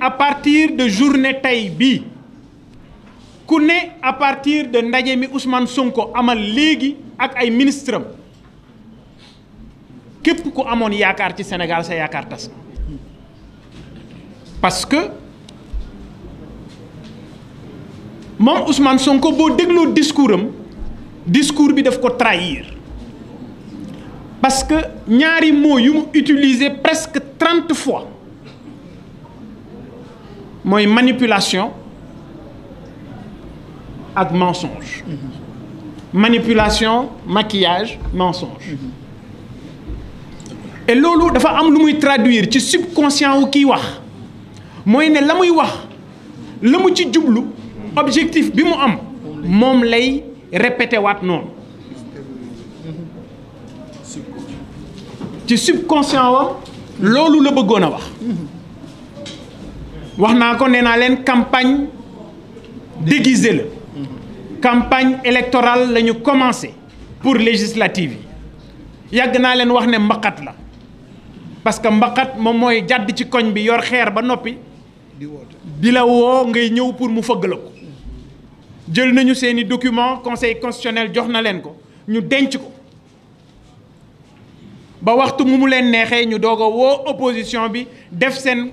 à partir de journée Taïbi, bi ku à partir de Nayemi Ousmane Sonko amal légui ak ay ministre am képp ku à carte ci Sénégal sa tas parce que mon Ousmane Sonko bo dégloo discours discours bi daf trahir parce que ñaari mots yu presque 30 fois moi manipulation ak mensonge manipulation maquillage mensonge et il dafa am lu muy traduire ci subconscient qui kiy wax il ne la muy wax la mu ci jublu objectif bi am mom lay répéter wat Tu ci subconscient wa loolu le bëggoon wax wax naa ko nee naa campagne déguisée le campagne électorale la ñu commencé pour législative yi yàgg naa leen wax ne mbaqat la parce que mbaqat moom mooy jàdd ci koñ bi yor xeer ba noppi di la woo ngay ñëw pour mu fëgg la ko jël nañu seeni document conseil constitutionnel jox na leen ko ñu denc ko ba waxtu mumulen mu leen neexee ñu doog a opposition bi def seen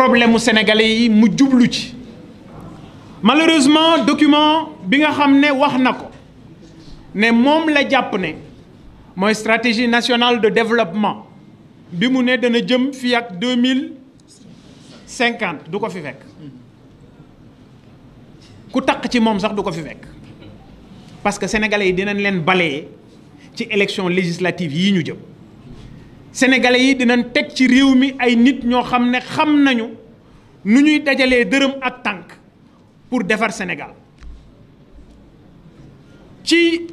problème mu sénégalais yi mu jublu ci malheureusement document bi nga xam c'est wax na ko ne la jàpp ne stratégie nationale de développement bi mu ne dana jëm n'y ak deux mille fi fekk ku tak ci mom sax du ko fi fekk parce que sénégalais yi dinañ len balayer ci élection législative yi ñu jëm sénégalais yi dinañ tek ci réew mi ay nit ñoo xam ne xam nañu nu ñuy dajalee dërëm ak tànk pour defar Sénégal ci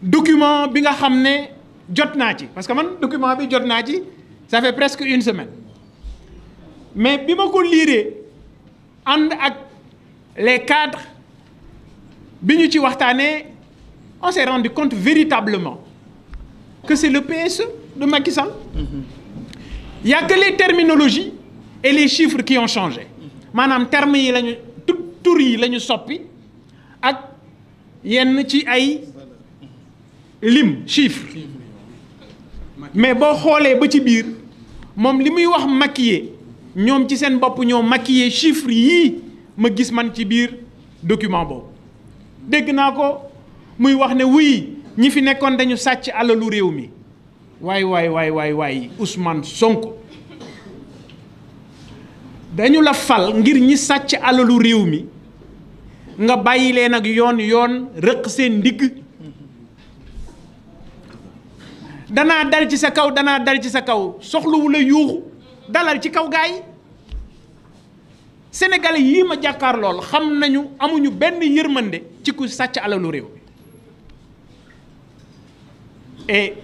document bi nga xam ne jot naa ci parce que man document bi jot naa ci ça fait presque une semaine mais bi ma ko liiree ànd ak les cadres bi ñu ci waxtaanee on s'est rendu compte véritablement que c'est le PSE de Macky Sall. Il n'y a que les terminologies et les chiffres qui ont changé. Manam terme yi lañu tout tur yi lañu soppi ak yenn ci ay lim chiffre mais bo xolé ba ci biir mom limuy wax maquiller ñom ci sen bop ñom maquiller chiffres yi ma gis man ci biir document boobu dégg ko muy wax né wuy ñi fi nekkoon dañu sàcc alalu réew mi waay waay waay waay waay Ousmane Sonko dañu la fal ngir ñi sàcc alalu réew mi nga bàyyi leen ak yoon yoon rëq seen ndigg danaa dal ci sa kaw danaa dal ci sa kaw soxluwu la yuuxu dalal ci kaw gaay sénégalais yii ma jàkkaar lool xam nañu amuñu benn yërmande ci ku sàcc alalu réew Et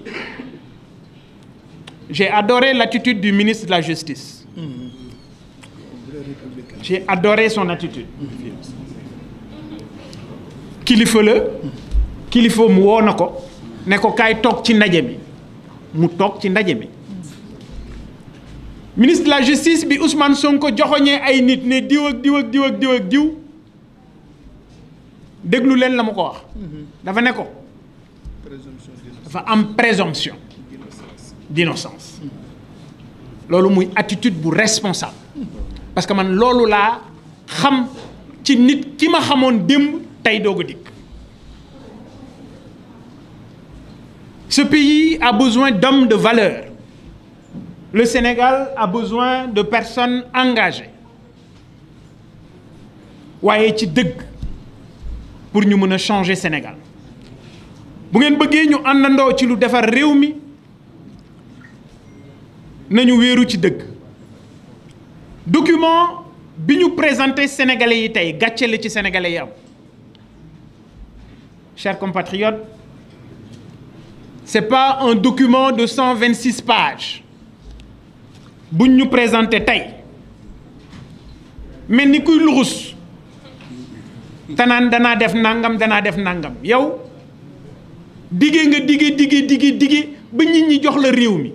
j'ai adoré l'attitude du ministre de la Justice. J'ai adoré son attitude. Qu'il faut le, qu'il faut na ko ne kai kaay toog ci ndaje mi mu ci ndaje ministre de la justice bi Ousmane Sonko joxoñee ay nit ne diw ak diw ak diw ak diw ak diw la mu wax dafa ne ko Enfin en présomption d'innocence C'est une attitude responsable parce que man ma ce pays a besoin d'hommes de valeur le Sénégal a besoin de personnes engagées Il ci pour nous Pour changer Sénégal bu ngeen bëggee ñu àndandoo ci lu defar réew mi nañu wéeru ci dëkk document bi ñu présenté sénégalais yi tey gàcce ci sénégalais yi am chers compatriotes c'est pas un document de 126 pages buñ ñu présenté tey mel ni kuy luxus tanaan danaa def nangam danaa def nangam yow digué nga digué digué digué digué ba nit ñi jox la réew mi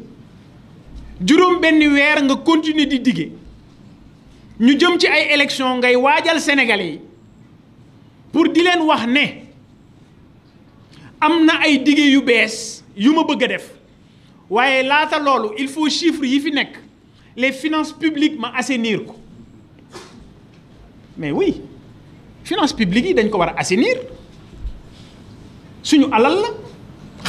juróom benn weer nga continuer di digué ñu jëm ci ay élection ngay waajal sénégalais yi pour di leen wax ne am na ay digué yu bees yu ma bëgg a def waaye laata loolu il faut chiffres yi fi nekk les finances publiques ma assainir ko mais oui finances publiques yi dañ ko war a assainir suñu alal la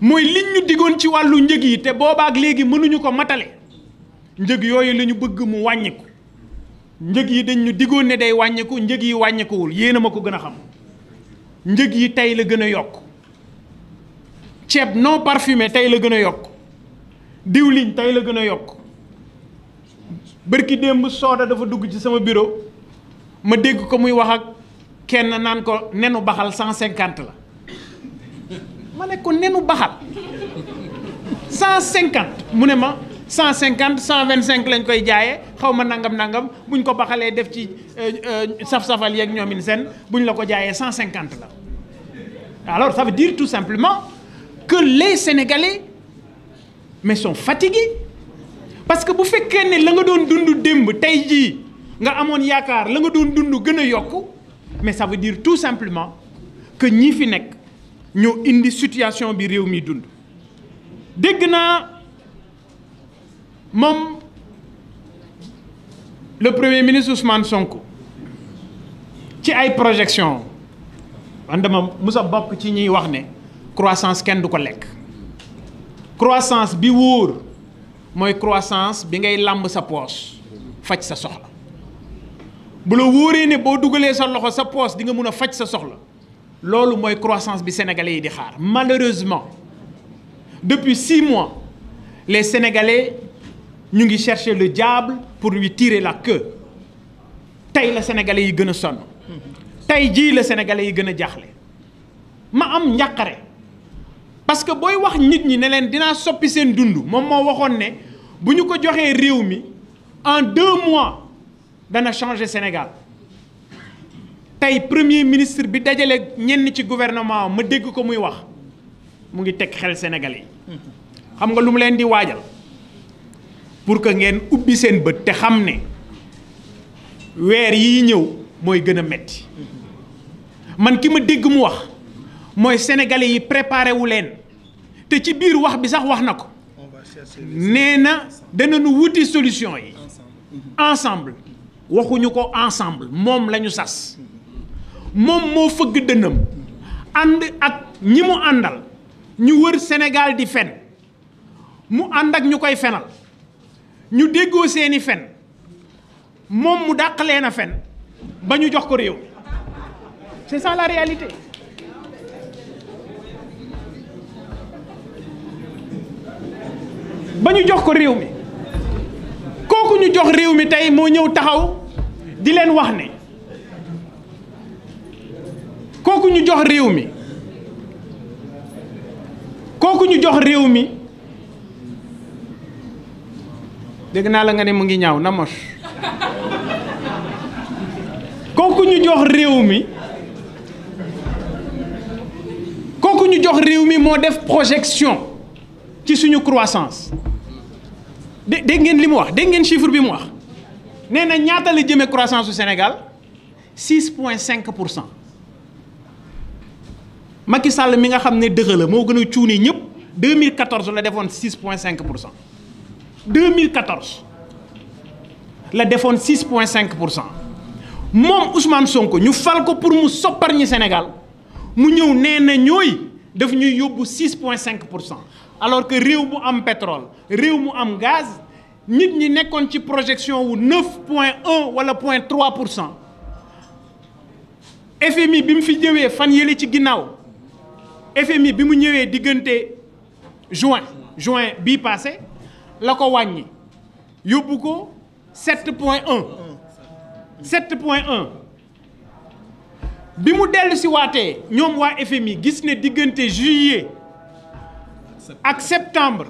mooy liñ ñu digoon ci wàllu njëg yi te boobaak léegi mënuñu ko matale njëg yooyu la ñu bëgg mu wàññiku njëg yi dañ ñu digoon ne day wàññiku njëg yi wàññikuwul yéen a ma ko gën a xam njëg yi tey la gën a yokk ceeb non parfumé tey la gën a yokk diwliñ tey la gën a yokk bërki démb sooda dafa dugg ci sama bureau ma dégg ko muy wax ak kenn naan ko nenu baxal cent cinquante la mané ne ko nenu baxal 150 cinquante 150 125 ma lañ koy jaayee xawma nangam nangam buñ ko baxalé def ci euh, euh, saf-safal yeeg ñomine sen buñ la ko jaayee 150 la alors ça veut dire tout simplement que les Sénégalais mais sont fatigués parce que bu fekké né la nga doon dundu demb tay ji nga amone yakar la nga doon dundu gëna yokku mais ça veut dire tout simplement que ñi fi nek ñoo indi situation bi réew mi dund dégg naa moom le premier ministre Ousmane Sonko ci ay projection man dama mus bokk ci ñuy wax ne croissance kenn du ko lekk croissance bi wóor mooy croissance bi ngay lamb sa poche. faj sa soxla bu la wóoree ne boo dugalee sa loxo sa poche. di nga mun a sa soxla c'est ce croissance bi sénégalais yi malheureusement depuis six mois les sénégalais ñu ngi le diable pour lui tirer la queue Aujourd'hui, la sénégalais yi plus a Aujourd'hui, tey le sénégalais yi gën a ma am njàqare parce que si wax nit ñi ne leen dinaa soppi seen dund moom moo waxoon ne en deux mois va changer Sénégal tay premier ministre bi dajale ñenn ci gouvernement ma dégg ko muy wax mu ngi teg xel sénégalais yi xam nga lu mu leen di waajal pour que ngeen ubbi seen bët te xam ne weer yi ñëw mooy gën a metti man ki ma dégg mu wax mooy sénégalais yi préparé wu leen te ci biir wax bi sax wax na ko nee na danañu wuti solution yi ensemble waxuñu ko ensemble moom la ñu sas moom moo fëgg dënnam ànd ak ñi mu àndal ñu wër Sénégal di fen mu ànd ak ñu koy fenal ñu déggoo seeni fen moom mu dàq leen a fen ba ñu jox ko réew c'est ça la ba ñu jox ko réew mi kooku ñu jox réew mi tey moo ñëw taxaw di leen wax ne ñu jox réew mi koku ñu jox réew mi dégg na la nga ne mu ngi ñaaw na mos koku ñu jox réew mi koku ñu jox réew mi mo def projection ci suñu croissance dé dégg ngeen limu wax dégg ngeen chiffre bi mu wax nee ñaata la jëme croissance au Sénégal 6.5 Macky Sall mi nga xamné ne mo la 2014 la défon 6,5%. 2014 la défon 6,5%. mom pour Ousmane Sonko ñu fal pour mu Sénégal nous ñëw néna ñoy daf ñuy alors que réew mu am pétrole réew mu gaz nit ñi une projection de 9,1% ou de wala FMI bi mu fi fan FMI bi mu ñëwé digënté juin juin bi passé la ko yobuko 7.1 ko 7 point bi mu dellu ci waté ñom wa FMI gis né digënté juillet ak septembre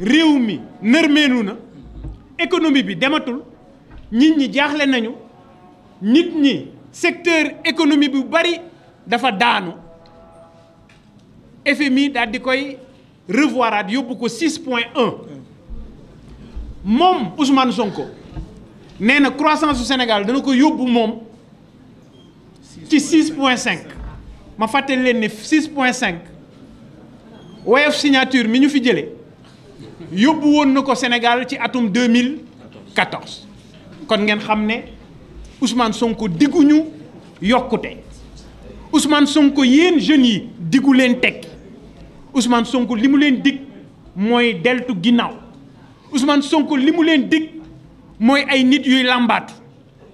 réew mi nërmeenu na économie bi dématul nit ñi jaxlé nañu nit ñi secteur économie bu bari dafa daanu FMI a di koy revoiraat 6.1. ko 6 point 6.1 Ousmane Sonko nee croissance au Sénégal dana ko mom moom ci ma fàttali 6.5. ni signature mi ñu fi jëlee yóbbu Sénégal ci atum 2014 kon ngeen xam Ousmane Sonko digguñu yokkute Ousmane Sonko jeune, yi Ousmane Sonko li mu leen dig mooy deltu ginnaaw Ousmane Sonko li mu leen dig mooy ay nit yuy làmbaatu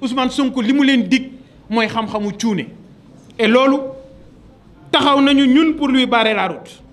Ousmane Sonko li mu leen dig mooy xam-xamu cuune et loolu taxaw nañu ñun pour lui barrer la route